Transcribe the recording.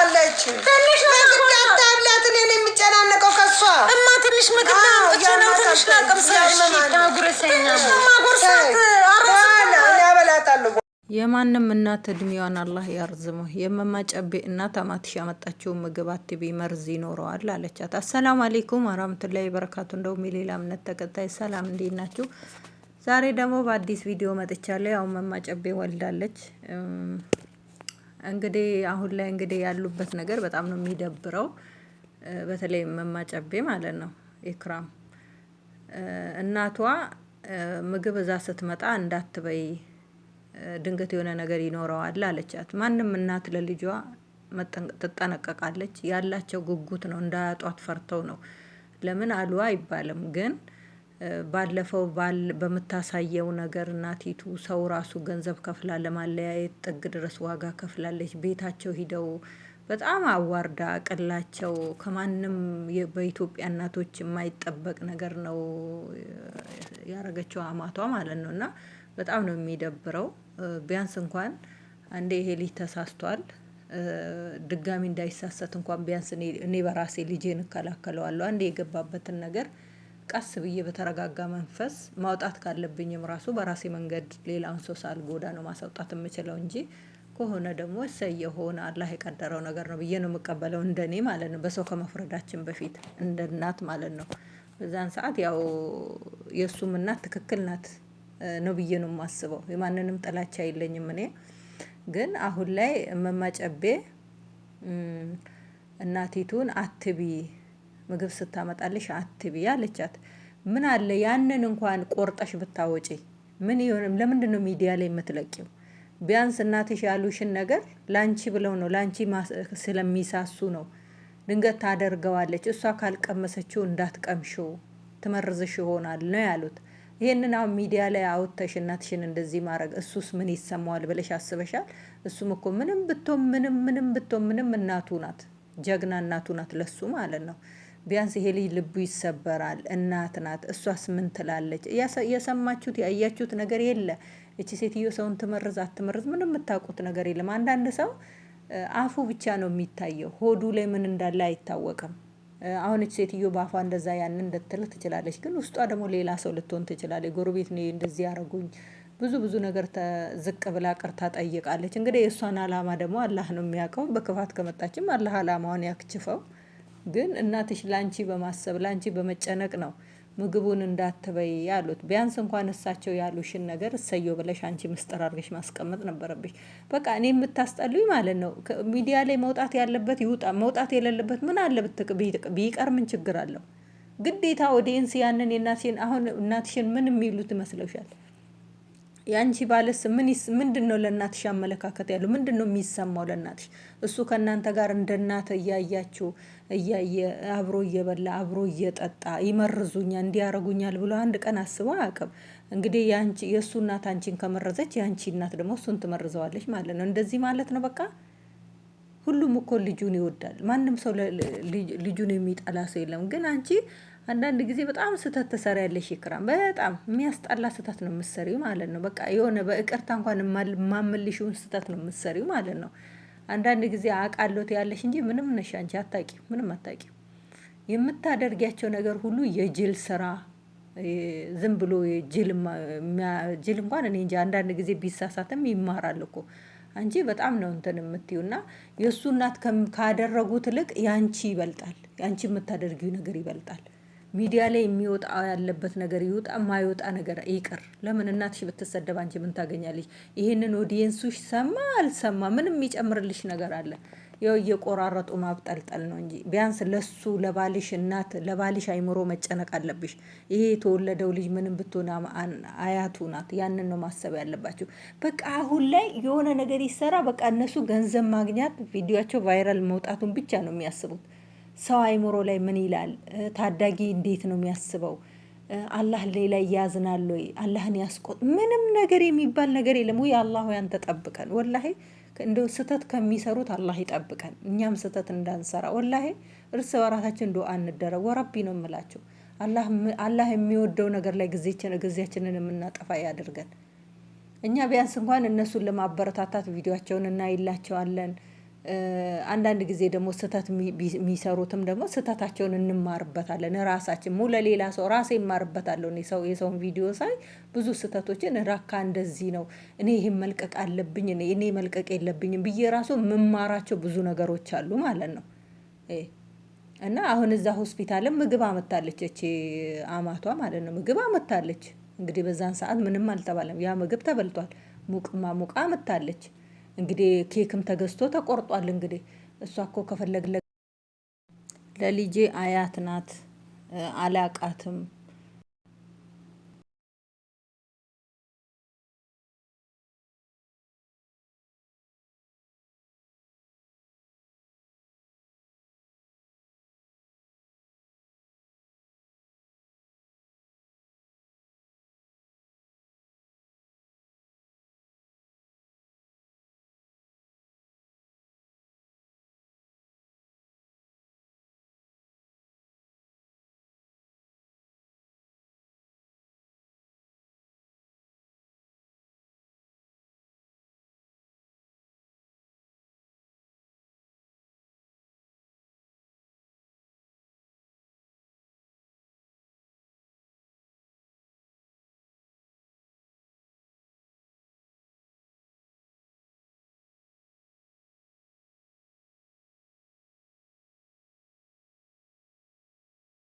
ትመጣለች። ትንሽ ምግብ የሚጨናነቀው ከሷ እማ፣ ትንሽ የማንም እናት እድሜዋን አላህ ያርዝመው። የመማጨቤ እናት አማትሽ ያመጣችውን ምግብ አትቢ መርዝ ይኖረዋል አለቻት። አሰላሙ አሌይኩም አራምቱላይ በረካቱ። እንደውም የሌላ እምነት ተከታይ ሰላም፣ እንዴት ናችሁ? ዛሬ ደግሞ በአዲስ ቪዲዮ መጥቻለሁ። ያው መማጨቤ ወልዳለች። እንግዲህ አሁን ላይ እንግዲህ ያሉበት ነገር በጣም ነው የሚደብረው። በተለይ መማጨቤ ማለት ነው ኢክራም እናቷ ምግብ እዛ ስትመጣ እንዳትበይ ድንገት የሆነ ነገር ይኖረዋል አለቻት። ማንም እናት ለልጇ ትጠነቀቃለች ያላቸው ጉጉት ነው እንዳያጧት ፈርተው ነው። ለምን አሉ አይባልም ግን ባለፈው በምታሳየው ነገር እናቲቱ ሰው ራሱ ገንዘብ ከፍላ ለማለያየት ጥግ ድረስ ዋጋ ከፍላለች። ቤታቸው ሂደው በጣም አዋርዳ ቅላቸው ከማንም በኢትዮጵያ እናቶች የማይጠበቅ ነገር ነው። ያደረገችው አማቷ ማለት ነው እና በጣም ነው የሚደብረው። ቢያንስ እንኳን አንዴ ይሄ ልጅ ተሳስቷል። ድጋሚ እንዳይሳሰት እንኳን ቢያንስ እኔ በራሴ ልጄን እከላከለዋለሁ አንዴ የገባበትን ነገር ቀስ ብዬ በተረጋጋ መንፈስ ማውጣት ካለብኝም ራሱ በራሴ መንገድ ሌላውን ሰው ሳልጎዳ ነው ማስወጣት የምችለው እንጂ ከሆነ ደግሞ እሰይ የሆነ አላህ የቀደረው ነገር ነው ብዬ ነው የምቀበለው። እንደኔ ማለት ነው፣ በሰው ከመፍረዳችን በፊት እንደ እናት ማለት ነው። በዛን ሰዓት ያው የእሱም እናት ትክክል ናት ነው ብዬ ነው የማስበው። የማንንም ጥላቻ የለኝም እኔ። ግን አሁን ላይ መማጨቤ እናቲቱን አትቢ ምግብ ስታመጣልሽ አትቢ አለቻት። ምን አለ ያንን እንኳን ቆርጠሽ ብታወጪ ምን ይሆንም? ለምንድን ነው ሚዲያ ላይ የምትለቂው? ቢያንስ እናትሽ ያሉሽን ነገር ላንቺ ብለው ነው፣ ላንቺ ስለሚሳሱ ነው። ድንገት ታደርገዋለች እሷ ካልቀመሰችው እንዳትቀምሽው ትመርዝሽ ይሆናል ነው ያሉት። ይህንን አሁን ሚዲያ ላይ አውጥተሽ እናትሽን እንደዚህ ማድረግ እሱስ ምን ይሰማዋል ብለሽ አስበሻል? እሱም እኮ ምንም ብቶ ምንም ምንም ብቶ ምንም እናቱ ናት፣ ጀግና እናቱ ናት ለሱ ማለት ነው። ቢያንስ ይሄ ልጅ ልቡ ይሰበራል። እናት ናት፣ እሷስ ምን ትላለች? የሰማችሁት ያያችሁት ነገር የለ። እቺ ሴትዮ ሰውን ትመርዝ አትመርዝ ምንም የምታውቁት ነገር የለም። አንዳንድ ሰው አፉ ብቻ ነው የሚታየው፣ ሆዱ ላይ ምን እንዳለ አይታወቅም። አሁን እች ሴትዮ በአፏ እንደዛ ያንን እንደትል ትችላለች፣ ግን ውስጧ ደግሞ ሌላ ሰው ልትሆን ትችላለች። ጎረቤት ነው እንደዚህ ያደረጉኝ ብዙ ብዙ ነገር ዝቅ ብላ ቅርታ ጠይቃለች። እንግዲህ የእሷን አላማ ደግሞ አላህ ነው የሚያውቀው። በክፋት ከመጣችም አላህ አላማውን ያክችፈው። ግን እናትሽ ላንቺ በማሰብ ላንቺ በመጨነቅ ነው ምግቡን እንዳትበይ ያሉት። ቢያንስ እንኳን እሳቸው ያሉሽን ነገር እሰየው ብለሽ አንቺ ምስጢር አድርገሽ ማስቀመጥ ነበረብሽ። በቃ እኔ የምታስጠሉኝ ማለት ነው። ሚዲያ ላይ መውጣት ያለበት ይውጣ፣ መውጣት የሌለበት ምን አለ ቢቀር ምን ችግር አለው? ግዴታ ኦዲየንስ ያንን የእናትሽን አሁን እናትሽን ምን የሚሉት ይመስለሻል? የአንቺ ባለስ ምንድን ነው? ለእናትሽ አመለካከት ያለው ምንድን ነው የሚሰማው ለእናትሽ? እሱ ከእናንተ ጋር እንደ እናት እያያችው እያየ አብሮ እየበላ አብሮ እየጠጣ ይመርዙኛል እንዲያረጉኛል ብሎ አንድ ቀን አስቦ አያውቅም። እንግዲህ የአንቺ የእሱ እናት አንቺን ከመረዘች የአንቺ እናት ደግሞ እሱን ትመርዘዋለች ማለት ነው። እንደዚህ ማለት ነው በቃ ሁሉም እኮ ልጁን ይወዳል። ማንም ሰው ልጁን የሚጠላ ሰው የለም። ግን አንቺ አንዳንድ ጊዜ በጣም ስህተት ትሰሪያለሽ ኢክራም፣ በጣም የሚያስጠላ ስህተት ነው የምትሰሪው ማለት ነው። በቃ የሆነ በእቅርታ እንኳን የማመልሽውን ስህተት ነው የምትሰሪው ማለት ነው። አንዳንድ ጊዜ አቃሎት ያለሽ እንጂ ምንም ነሽ አንቺ ምንም አታቂ። የምታደርጊያቸው ነገር ሁሉ የጅል ስራ ዝም ብሎ ጅል እንኳን እኔ እንጂ አንዳንድ ጊዜ ቢሳሳትም ይማራል እኮ አንቺ በጣም ነው እንትን የምትዩ እና የእሱ እናት ካደረጉት ልቅ ያንቺ ይበልጣል። ያንቺ የምታደርጊው ነገር ይበልጣል። ሚዲያ ላይ የሚወጣ ያለበት ነገር ይውጣ፣ ማይወጣ ነገር ይቅር። ለምን እናትሽ ብትሰደብ አንቺ ምን ታገኛለሽ? ይሄንን ኦዲየንሱሽ ሰማ አልሰማ ምንም የሚጨምርልሽ ነገር አለ? ያው እየቆራረጡ ማብጠልጠል ነው እንጂ ቢያንስ ለሱ ለባልሽ እናት ለባልሽ አይምሮ መጨነቅ አለብሽ። ይሄ የተወለደው ልጅ ምንም ብትሆን አያቱ ናት። ያንን ነው ማሰብ ያለባቸው። በቃ አሁን ላይ የሆነ ነገር ይሰራ። በቃ እነሱ ገንዘብ ማግኛት ቪዲዮቸው ቫይራል መውጣቱን ብቻ ነው የሚያስቡት። ሰው አይምሮ ላይ ምን ይላል? ታዳጊ እንዴት ነው የሚያስበው? አላህ ሌላ እያዝናል ወይ? አላህን ያስቆጥ ምንም ነገር የሚባል ነገር የለም ወይ? አላህ ያን ተጠብቀን ወላሂ እንደ ስህተት ከሚሰሩት አላህ ይጠብቀን፣ እኛም ስህተት እንዳንሰራ። ወላሂ እርስ በራሳችን ዱአ እንደረግ። ወረቢ ነው የምላቸው። አላህ የሚወደው ነገር ላይ ጊዜያችንን የምናጠፋ ያደርገን። እኛ ቢያንስ እንኳን እነሱን ለማበረታታት ቪዲዮቸውን እናይላቸዋለን። አንዳንድ ጊዜ ደግሞ ስህተት የሚሰሩትም ደግሞ ስህተታቸውን እንማርበታለን። ራሳችን ሙ ለሌላ ሰው ራሴ ይማርበታለሁ። ሰው የሰውን ቪዲዮ ሳይ ብዙ ስህተቶችን ረካ እንደዚህ ነው እኔ ይህም መልቀቅ አለብኝ እኔ መልቀቅ የለብኝም ብዬ ራሱ የምማራቸው ብዙ ነገሮች አሉ ማለት ነው። እና አሁን እዛ ሆስፒታልም ምግብ አመታለች እቺ አማቷ ማለት ነው ምግብ አመታለች እንግዲህ በዛን ሰዓት ምንም አልተባለም ያ ምግብ ተበልቷል። ሙቅማ ሙቃ አመታለች። እንግዲህ ኬክም ተገዝቶ ተቆርጧል። እንግዲህ እሷ እኮ ከፈለግለ ለልጄ አያት ናት አላቃትም